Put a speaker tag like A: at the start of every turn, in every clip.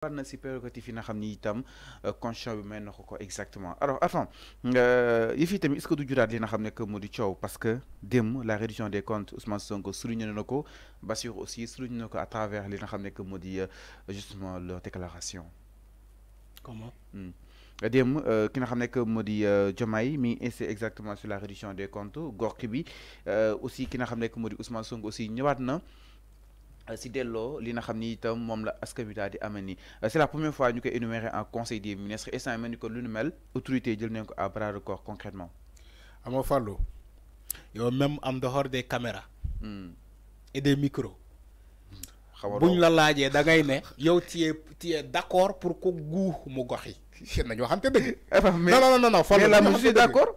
A: parna na si prérogative yi nga xam ni itam euh, constitution bi may na ko exactement alors attends euh yifi tamit est-ce que du jurat li nga xam ne que modi di parce que dem la réduction des comptes Ousmane Sonko souligné na ko Bassir aussi souligné na ko à travers li nga xam ne que modi euh, justement leur déclaration. comment. Hmm. démb euh, ki nga xam ne que modi di Diomaye mi insisté exactement sur la réduction des comptes Gork bi aussi ki nga xam ne que modi Ousmane Sonko aussi ñewat na si li la c'est la première fois que énumérer en conseil des ministres et ça ni que autorité jël à bras corps
B: concrètement non, non, même en dehors des caméras hmm. et des micros buñ la non, d'accord pour ko non, mu goxi ah, Non non non non non d'accord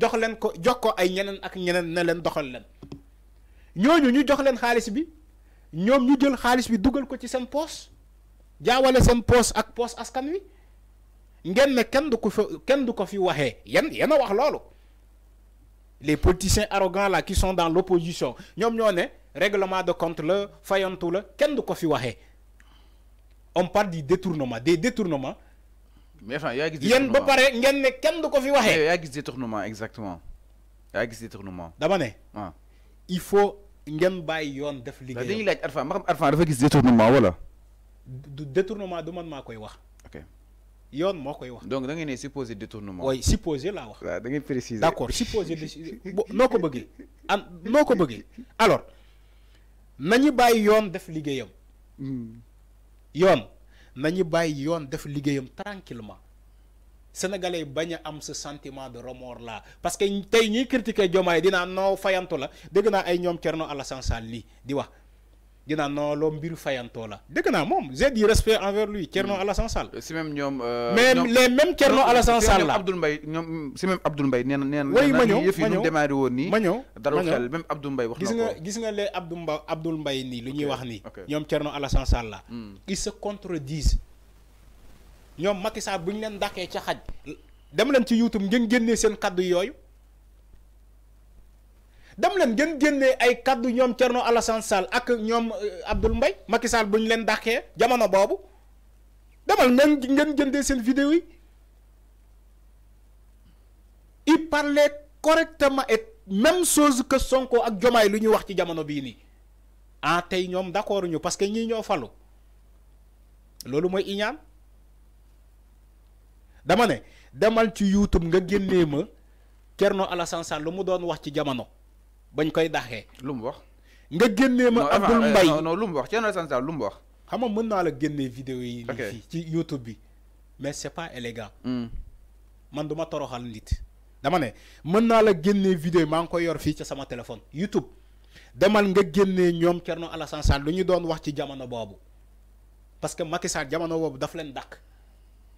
B: jox ko jox ko ay ñeneen ak ñeneen ne leen doxal leen ñooñu ñu jox leen xaalis bi ñoom ñu jël xaalis bi dugal ko ci seen poos jaawale seen poos ak poos askan wi ngeen ne kenn du ko fa kenn du ko fi waxee yan yéen a wax loolu les politiciens arrogants là qui sont dans l'opposition ñoom ñoo ne règlement de compte la fayantu la kenn du ko fi waxee on parle du détournement des détournements mais enfin yaa gis. yéen ba pare ngeen ne kenn du fi waxee. Eh, yaa gis détournement exactement yaa gis détournement. dama ne. waaw ah. il faut ngeen bàyyi yone def bah, liggéeyam. dañuy laaj Arfan ma xam Arfan dafa gis détournement wala. du détournement du man makoy wax. ok yone mokoy wax. donc da ngay né supposé détournement. oui supposé la wax. Bah, da ngay préciser. d'accord supposé noko ko noko an alors nañu bàyyi yone def liggéeyam. Hmm. yone nañu bàyyi yoon def liggéeyam tranquillement sénégalais yi bañ a am sa sentiment de remords la parce que tey ñuy critiquer Diomaye dinaa noo fayantu la dégg naa ay ñoom Thierno Alassane Sall lii di wax Il non a mbiru la dëgg j'ai du respect envers lui Thierno hmm. Alassane Sall. Euh, si même ñoom. Euh, mais les mêmes Thierno Alassane Sall la un Mbaye même
A: Abdoul Mbaye nee un nee na. ma ñu un même
B: Abdoul Mbaye wax na les Abdoul Mbaye un lu ñuy wax Alassane Sall la. ils se contredisent. ñoom a un xaj. dem ci YouTube dem leen ngeen génnee ay kaddu ñoom Thierno Alassane Sall ak nyom euh, Abdoul Mbaye Macky Sall bu ñu leen dàqee jamono boobu demal ngeen ngeen jëndee seen vidéo yi il parlait correctement et même chose que Sonko ak Jomaay lu ñuy wax ci jamono bi ni ah tey ñoom d'accord ñu parce que ñi ñoo fallu lolu moy iñaan dama ne demal ci YouTube nga génnee ma Thierno Alassane Sall lu mu doon wax ci jamono bagn koy daxé lu wax. nga génné ma Abdoul euh, mbay non non lu wax Thierno Alassane Sall lu mu wax. xam nga mën na la génné vidéo yi. fii ci YouTube bi. mais c'est pas élégant. Hmm. man duma toroxal nit. dama né mën na la génné vidéo yi ngi koy yor fi ci sama téléphone YouTube demal nga génné ñom Thierno Alassane Sall lu ñu doon wax ci jamono bobu parce que Macky Sall jamono boobu daf leen dàq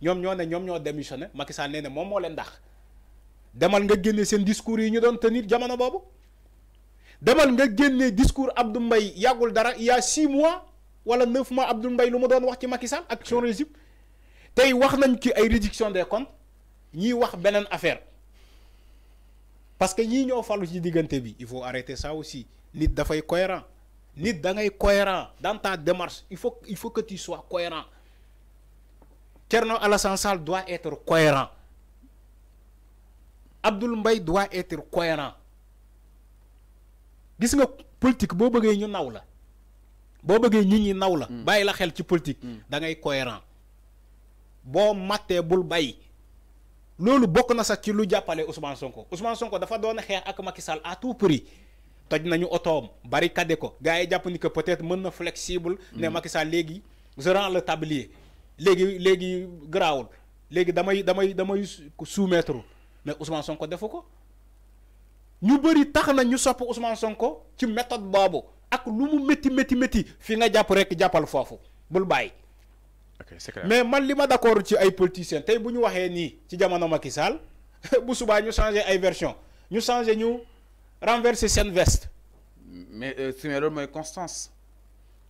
B: ñom ñoo né ñom ñoo démissionné Macky Sall né ne moom moo leen dàq demal nga génné sen discours yi ñu doon tenir jamono bobu demal nga génnee discours Abdou mbay yàggul dara il y a six mois wala neuf mois Abdou mbay lu ma doon wax ci Macky Sall ak son régime tey wax nañ ci ay réduction des comptes ñi wax benen affaire parce que a ñoo fallu ci digënté bi il faut arrêter ça aussi nit fay cohérent nit da ngay cohérent dans ta démarche il faut il faut que tu sois cohérent Thierno Alassane Sall doit être cohérent Abdoul Mbaye doit être cohérent gis nga politique boo bëggee ñu naw la boo bëggee ñu ñi naw la mm. bàyyi la xel ci politique mm. da ngay cohérent boo mattee bul bàyyi loolu bokk na sax ci lu jàppale Ousmane Sonko Ousmane Sonko dafa doon xeex ak Macky Sall à tout prix toj nañu otoom barricade ko gars yi jàpp ni que peut-être mën na flexible mm. ne Macky Sall léegi je le tablier léegi léegi garaawul léegi damay damay damay soumettre mais Ousmane Sonko defu ko ñu bëri tax ñu sopp Ousmane Sonko ci méthode boobu ak lu mu metti metti metti fi nga japp rek jappal fofu bul mais man li d'accord ci ay politiciens bu waxé ni ci jamono Macky bu suba ñu changé ay version ñu changer ñu renverser veste. mais euh, constance.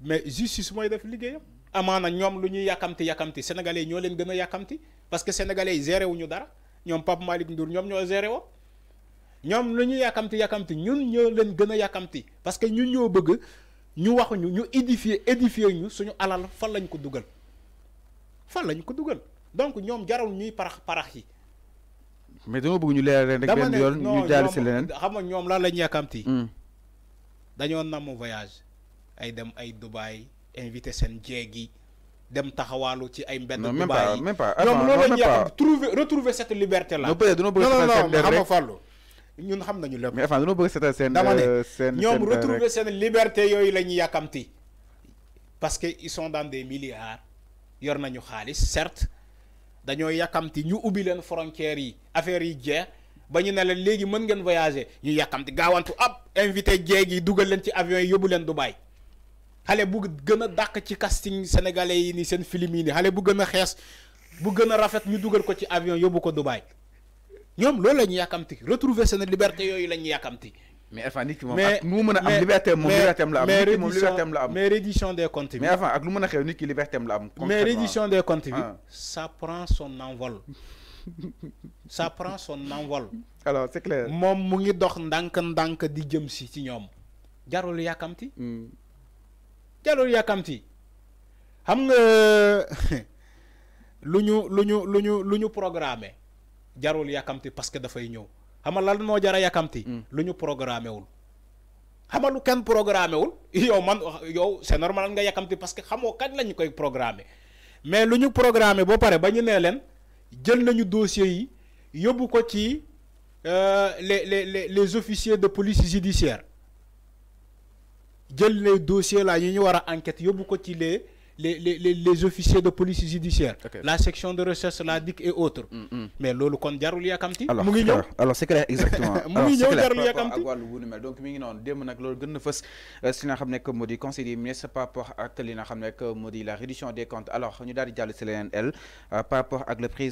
B: mais justice mooy def liggéeyam amaana ñoom lu ñuy yàkkamti yàkkamti sénégalais ñoo leen gën a yàkkamti parce que sénégalais yi dara ñoom Pape Malick Ndour ñoom ñoo géré woon ñoom lu ñuy yàkkamti yàkkamti ñun ñoo leen gën a yàkkamti parce que ñun ñoo bëgg ñu waxuñu ñu ñu édifier édifier ñu suñu alal fan lañ ko dugal fan lañ ko dugal donc ñoom jarul ñuy parax parax yi. mais dama bëgg ñu leeral leen rek benn yoon ñu jàll si leneen xam nga ñoom lan lañ yàkkamti. Hmm. dañoo namm voyage. ay dem ay invite invité sen djegi dem taxawalu ci ay mbedd Dubaï même pas non retrouver cette liberté là non non non mais enfin ne
A: euh, retrouver
B: sen liberté yoy lañu yakamti parce que ils sont dans des milliards yor nañu certes dans yakamti ñu len frontières yi affaire yi bañu ne ils ngeen voyager ñu yakamti gawantu ab invité duggal len ci avion yobul len dubai xale bu gën a dàq ci casting sénégalais yi ni seen film yi ni xale bu gën a xees bu gën a rafet ñu dugal ko ci avion yóbbu ko Dubaï ñoom loolu la ñu yàkkamti retrouver seen liberté yooyu la ñu yàkkamti mais enfin nit ki moom ak nu mën a am liberté moom liberté la am nit ki moom liberté la am mais rédition des comptes mais enfin ak lu mën a xew nit ki liberté la am mais rédition des comptes bi ah. ça prend son envol ça prend son envol alors c'est clair moom mu ngi dox ndànk-ndànk di jëm si ci ñoom jarul yàkkamti hmm programme yakamti xam nga parce que lan jara hmm. c'est normal parce que mais programme dossier euh, les officiers de police judiciaire les dossiers là ñu enquête les les officiers de police judiciaire la section de recherche la et autres mm, mm. mais loolu kon jarul yakamti mu ngi
A: alors c'est exactement par rapport la réduction comptes